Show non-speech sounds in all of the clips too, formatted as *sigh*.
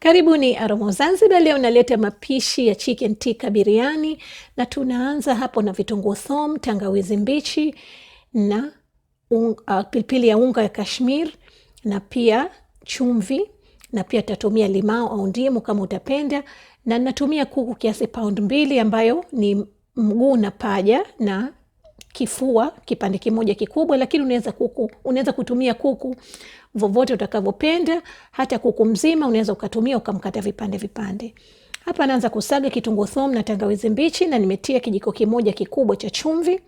Karibuni Aromo Zanzibar. Leo naleta mapishi ya chicken tikka biriani, na tunaanza hapo na vitunguu thom, tangawizi mbichi na un, uh, pilipili ya unga ya Kashmir na pia chumvi, na pia tatumia limao au ndimu kama utapenda, na natumia kuku kiasi paund mbili ambayo ni mguu na paja na kifua kipande kimoja kikubwa, lakini unaweza kuku, unaweza kutumia kuku vovote utakavyopenda, hata kuku mzima unaweza ukatumia ukamkata vipande vipande. Hapa naanza kusaga kitunguu thomu na tangawizi mbichi, na nimetia kijiko kimoja kikubwa cha chumvi,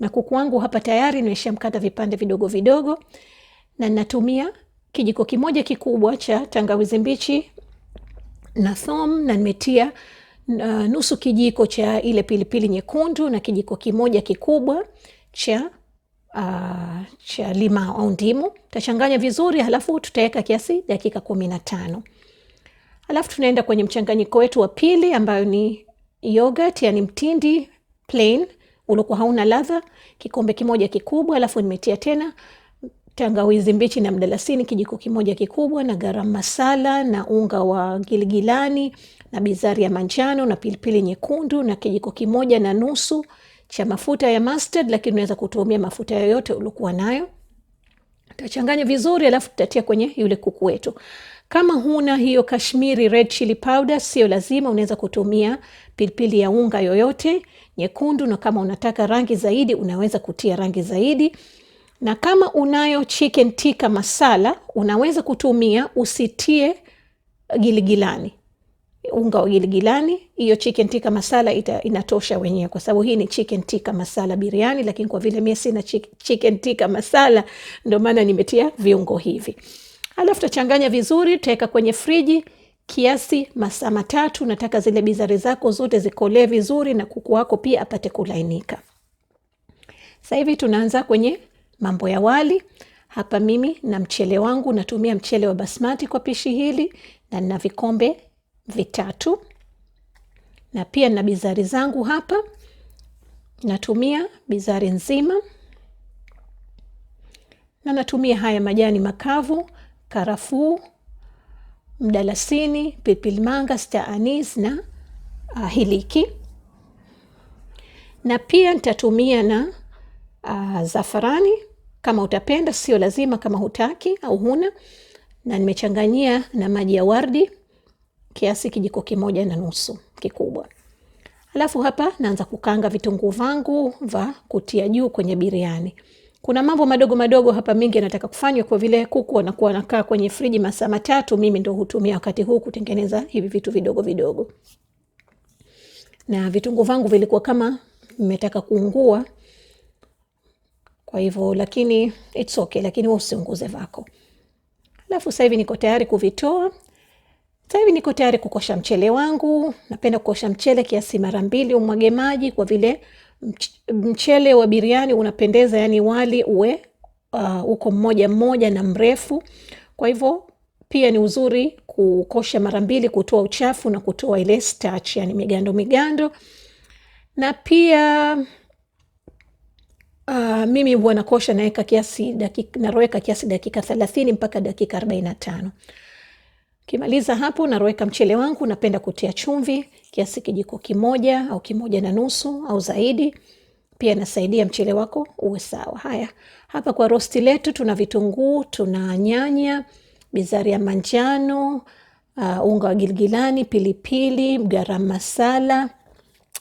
na kuku wangu hapa tayari nimeshamkata vipande vidogo vidogo, na natumia kijiko kimoja kikubwa cha tangawizi mbichi na thomu na nimetia uh, nusu kijiko cha ile pilipili nyekundu na kijiko kimoja kikubwa cha uh, cha limao au ndimu. Tachanganya vizuri, halafu tutaweka kiasi dakika kumi na tano. Halafu tunaenda kwenye mchanganyiko wetu wa pili ambayo ni yogurt, yani mtindi plain uliokuwa hauna ladha, kikombe kimoja kikubwa. Alafu nimetia tena tangawizi mbichi na mdalasini kijiko kimoja kikubwa, na garam masala na unga wa giligilani na bizari ya manjano na pilipili nyekundu na kijiko kimoja na nusu cha mafuta ya mustard, lakini unaweza kutumia mafuta yoyote uliokuwa nayo. Tutachanganya vizuri, alafu tutatia kwenye yule kuku wetu. Kama huna hiyo Kashmiri red chili powder, sio lazima, unaweza kutumia pilipili ya unga yoyote nyekundu, na kama unataka rangi zaidi, unaweza kutia rangi zaidi na kama unayo chicken tikka masala unaweza kutumia, usitie giligilani unga wa giligilani. Hiyo chicken tikka masala ita, inatosha wenyewe, kwa sababu hii ni chicken tikka masala biriani, lakini kwa vile mie sina chicken tikka masala ndo maana nimetia viungo hivi. Alafu tachanganya vizuri, taweka kwenye friji kiasi masaa matatu. Nataka zile bizari zako zote zikolee vizuri na kuku wako pia apate kulainika. Sasa hivi tunaanza kwenye mambo ya wali. Hapa mimi na mchele wangu, natumia mchele wa basmati kwa pishi hili na nina vikombe vitatu, na pia na bizari zangu hapa, natumia bizari nzima na natumia haya majani makavu, karafuu, mdalasini, pipilmanga staanis na uh, hiliki na pia nitatumia na uh, zafarani kama utapenda, sio lazima kama hutaki au huna. Na nimechanganyia na maji ya wardi kiasi kijiko kimoja na nusu kikubwa. Alafu hapa naanza kukanga vitunguu vangu va kutia juu kwenye biriani. Kuna mambo madogo madogo hapa mengi yanataka kufanywa, kwa vile kuku wanakuwa wanakaa kwenye friji masaa matatu. Mimi ndo hutumia wakati huu kutengeneza hivi vitu vidogo vidogo, na vitunguu vangu vilikuwa kama vimetaka kuungua, kwa hivyo lakini it's okay, lakini wewe usiunguze vako. Alafu sasa hivi niko tayari kuvitoa sasa hivi niko tayari kukosha mchele wangu. Napenda kukosha mchele kiasi mara mbili, umwage maji kwa vile mchele wa biriani unapendeza, yani wali uwe uh, uko mmoja mmoja na mrefu. Kwa hivyo pia ni uzuri kukosha mara mbili, kutoa uchafu na kutoa ile starch, yani migando migando. Na pia uh, mimi huwa nakosha naweka kiasi dakika, naroweka kiasi dakika thelathini mpaka dakika arobaini na tano. Kimaliza hapo, naroweka mchele wangu. Napenda kutia chumvi kiasi kijiko kimoja au kimoja na nusu au zaidi, pia nasaidia mchele wako uwe sawa. Haya, hapa kwa rosti letu tuna vitunguu, tuna nyanya, bizari ya manjano, uh, unga wa gilgilani, pilipili, garam masala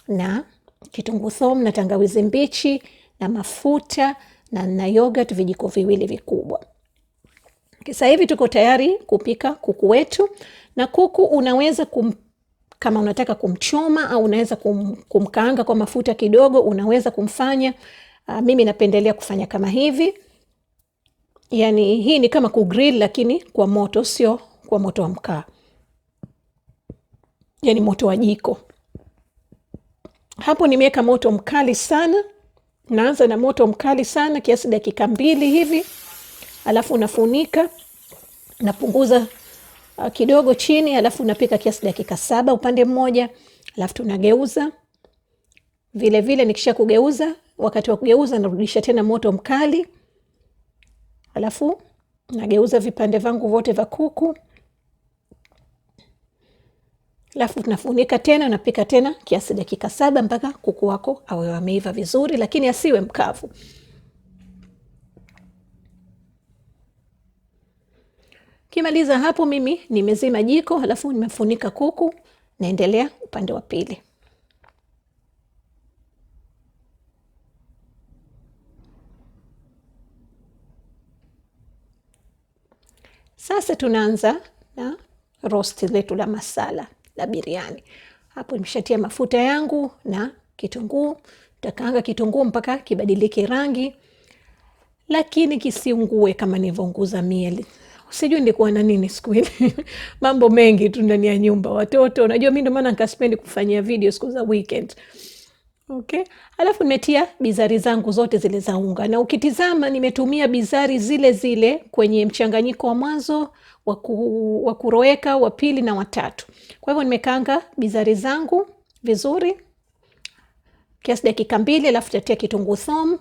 na kitunguu thom na tangawizi mbichi na mafuta na na yogurt vijiko viwili vikubwa. Sasa hivi tuko tayari kupika kuku wetu, na kuku unaweza kum, kama unataka kumchoma au unaweza kum, kumkaanga kwa mafuta kidogo, unaweza kumfanya. uh, mimi napendelea kufanya kama hivi, yani hii ni kama kugrill, lakini kwa moto, sio kwa moto wa mkaa, yani moto wa jiko. Hapo nimeweka moto mkali sana, naanza na moto mkali sana kiasi dakika mbili hivi alafu unafunika, napunguza uh, kidogo chini, alafu unapika kiasi dakika saba upande mmoja, alafu tunageuza vile vile. Nikisha kugeuza, wakati wa kugeuza narudisha tena moto mkali, alafu nageuza vipande vangu vyote vya kuku, alafu tunafunika tena, napika tena kiasi dakika saba mpaka kuku wako awe wameiva vizuri, lakini asiwe mkavu. Kimaliza hapo, mimi nimezima jiko halafu nimefunika kuku, naendelea upande wa pili. Sasa tunaanza na rosti letu la masala la biriani. Hapo nimeshatia mafuta yangu na kitunguu, takaanga kitunguu mpaka kibadilike rangi, lakini kisiungue kama nilivyounguza mieli sijui nilikuwa na nini siku ile *laughs* mambo mengi tu ndani ya nyumba, watoto. Unajua mi ndo maana nikaspendi kufanyia video siku za weekend. Okay. Alafu nimetia bizari zangu zote zile za unga, na ukitizama nimetumia bizari zile zile kwenye mchanganyiko wa mwanzo wa kuroweka, wa pili na watatu. Kwa hivyo nimekaanga bizari zangu vizuri kiasi dakika mbili, alafu tatia kitunguu thomu,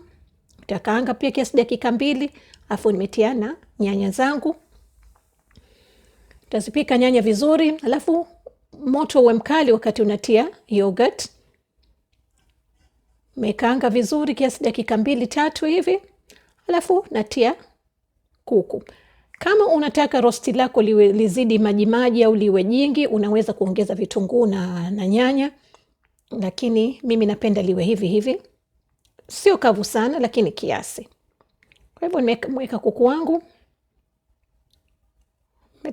takaanga pia kiasi dakika mbili, alafu nimetia na nyanya zangu Utazipika nyanya vizuri, alafu moto uwe mkali wakati unatia yogurt. mekanga vizuri kiasi dakika mbili tatu hivi, alafu natia kuku. Kama unataka rosti lako liwe, lizidi majimaji au liwe jingi, unaweza kuongeza vitunguu na, na nyanya, lakini mimi napenda liwe hivi hivi, sio kavu sana, lakini kiasi. Kwa hivyo nimeweka kuku wangu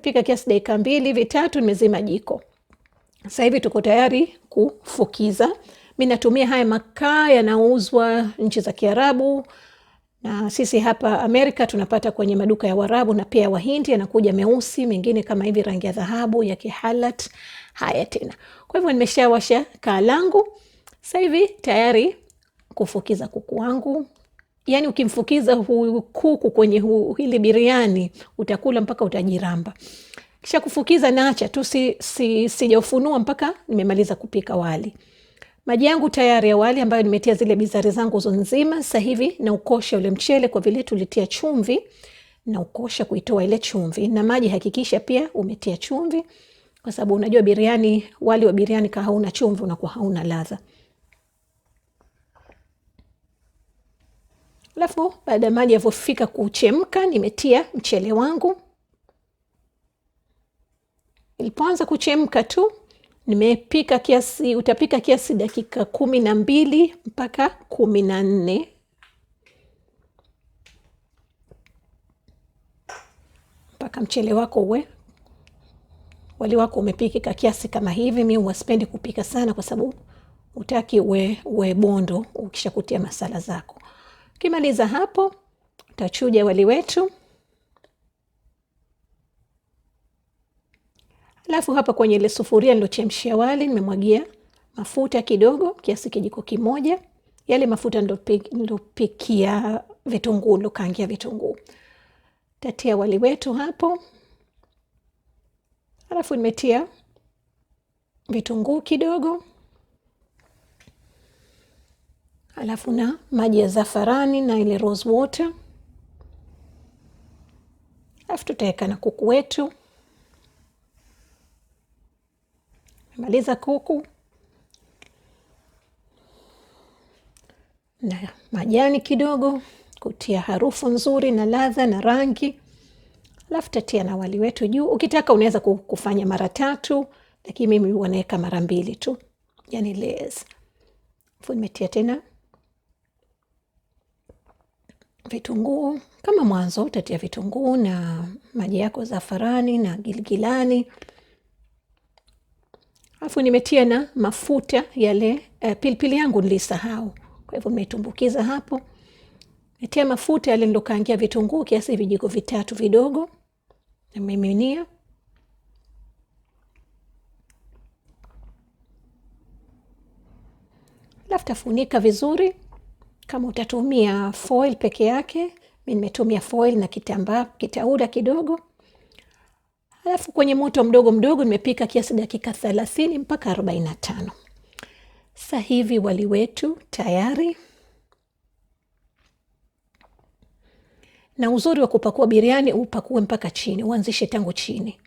Nimepika kiasi dakika mbili vitatu nimezima jiko. Sasa hivi tuko tayari kufukiza. Mi natumia haya makaa yanauzwa nchi za Kiarabu na sisi hapa Amerika tunapata kwenye maduka ya warabu na pia Wahindi, yanakuja meusi, mengine kama hivi rangi ya dhahabu ya kihalat. Haya tena, kwa hivyo nimeshawasha kaa langu sasa hivi tayari kufukiza kuku wangu yani ukimfukiza huyu kuku kwenye hu, hili biriani utakula mpaka utajiramba. Kisha kufukiza nacha tu, si, si, si mpaka nimemaliza kupika wali. Maji yangu tayari ya wali ambayo nimetia zile bizari zangu zo nzima. Sasa hivi ukosha ule mchele kwa vile tulitia chumvi, na ukosha kuitoa ile chumvi na maji. Hakikisha pia umetia chumvi, kwa sababu unajua biriani, wali wa biriani kama hauna chumvi unakuwa hauna ladha. Alafu baada ya maji yavyofika kuchemka, nimetia mchele wangu. Ilipoanza kuchemka tu, nimepika kiasi, utapika kiasi dakika kumi na mbili mpaka kumi na nne. Mpaka mchele wako uwe wali wako umepikika kiasi kama hivi. Mi huwasipendi kupika sana, kwa sababu utaki uwe, uwe bondo ukisha kutia masala zako. Ukimaliza hapo, utachuja wali wetu, alafu hapa kwenye ile sufuria nilochemshia wali nimemwagia mafuta kidogo kiasi kijiko kimoja. Yale mafuta nilopikia vitunguu, nilokaangia vitunguu. Tatia wali wetu hapo, alafu nimetia vitunguu kidogo alafu na maji ya zafarani na ile rose water, alafu tutaweka na kuku wetu. Maliza kuku na majani kidogo kutia harufu nzuri na ladha na rangi, alafu tatia na wali wetu juu. Ukitaka unaweza kufanya mara tatu, lakini mimi huwa naweka mara mbili tu, yani layers. Nimetia tena vitunguu kama mwanzo, utatia vitunguu na maji yako, zafarani na giligilani. Alafu nimetia na mafuta yale eh, pilipili yangu nilisahau, kwa hivyo nimetumbukiza hapo. Nimetia mafuta yale nilokaangia vitunguu kiasi vijiko vitatu vidogo, namiminia alafu tafunika vizuri. Kama utatumia foil peke yake, mi nimetumia foil na kitambaa kitauda kidogo. alafu kwenye moto mdogo mdogo nimepika kiasi dakika thelathini mpaka arobaini na tano. Sasa hivi wali wetu tayari, na uzuri wa kupakua biriani upakue mpaka chini, uanzishe tangu chini,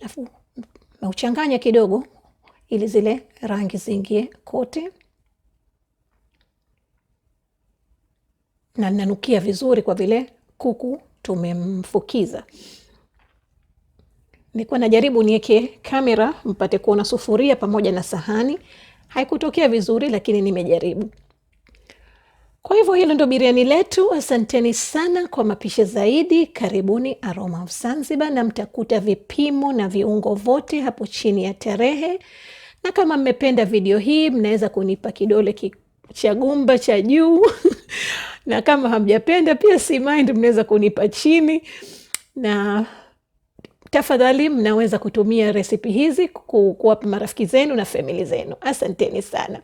alafu nauchanganya kidogo ili zile rangi ziingie kote. na nanukia vizuri kwa vile kuku tumemfukiza. Nilikuwa najaribu niweke kamera mpate kuona sufuria pamoja na sahani, haikutokea vizuri, lakini nimejaribu. Kwa hivyo hilo ndo biriani letu. Asanteni sana kwa mapisha zaidi. Karibuni Aroma of Zanzibar, na mtakuta vipimo na viungo vote hapo chini ya tarehe. Na kama mmependa video hii, mnaweza kunipa kidole cha gumba cha juu *laughs* na kama hamjapenda pia si mind, mnaweza kunipa chini, na tafadhali mnaweza kutumia resipi hizi kuwapa marafiki zenu na famili zenu. Asanteni sana.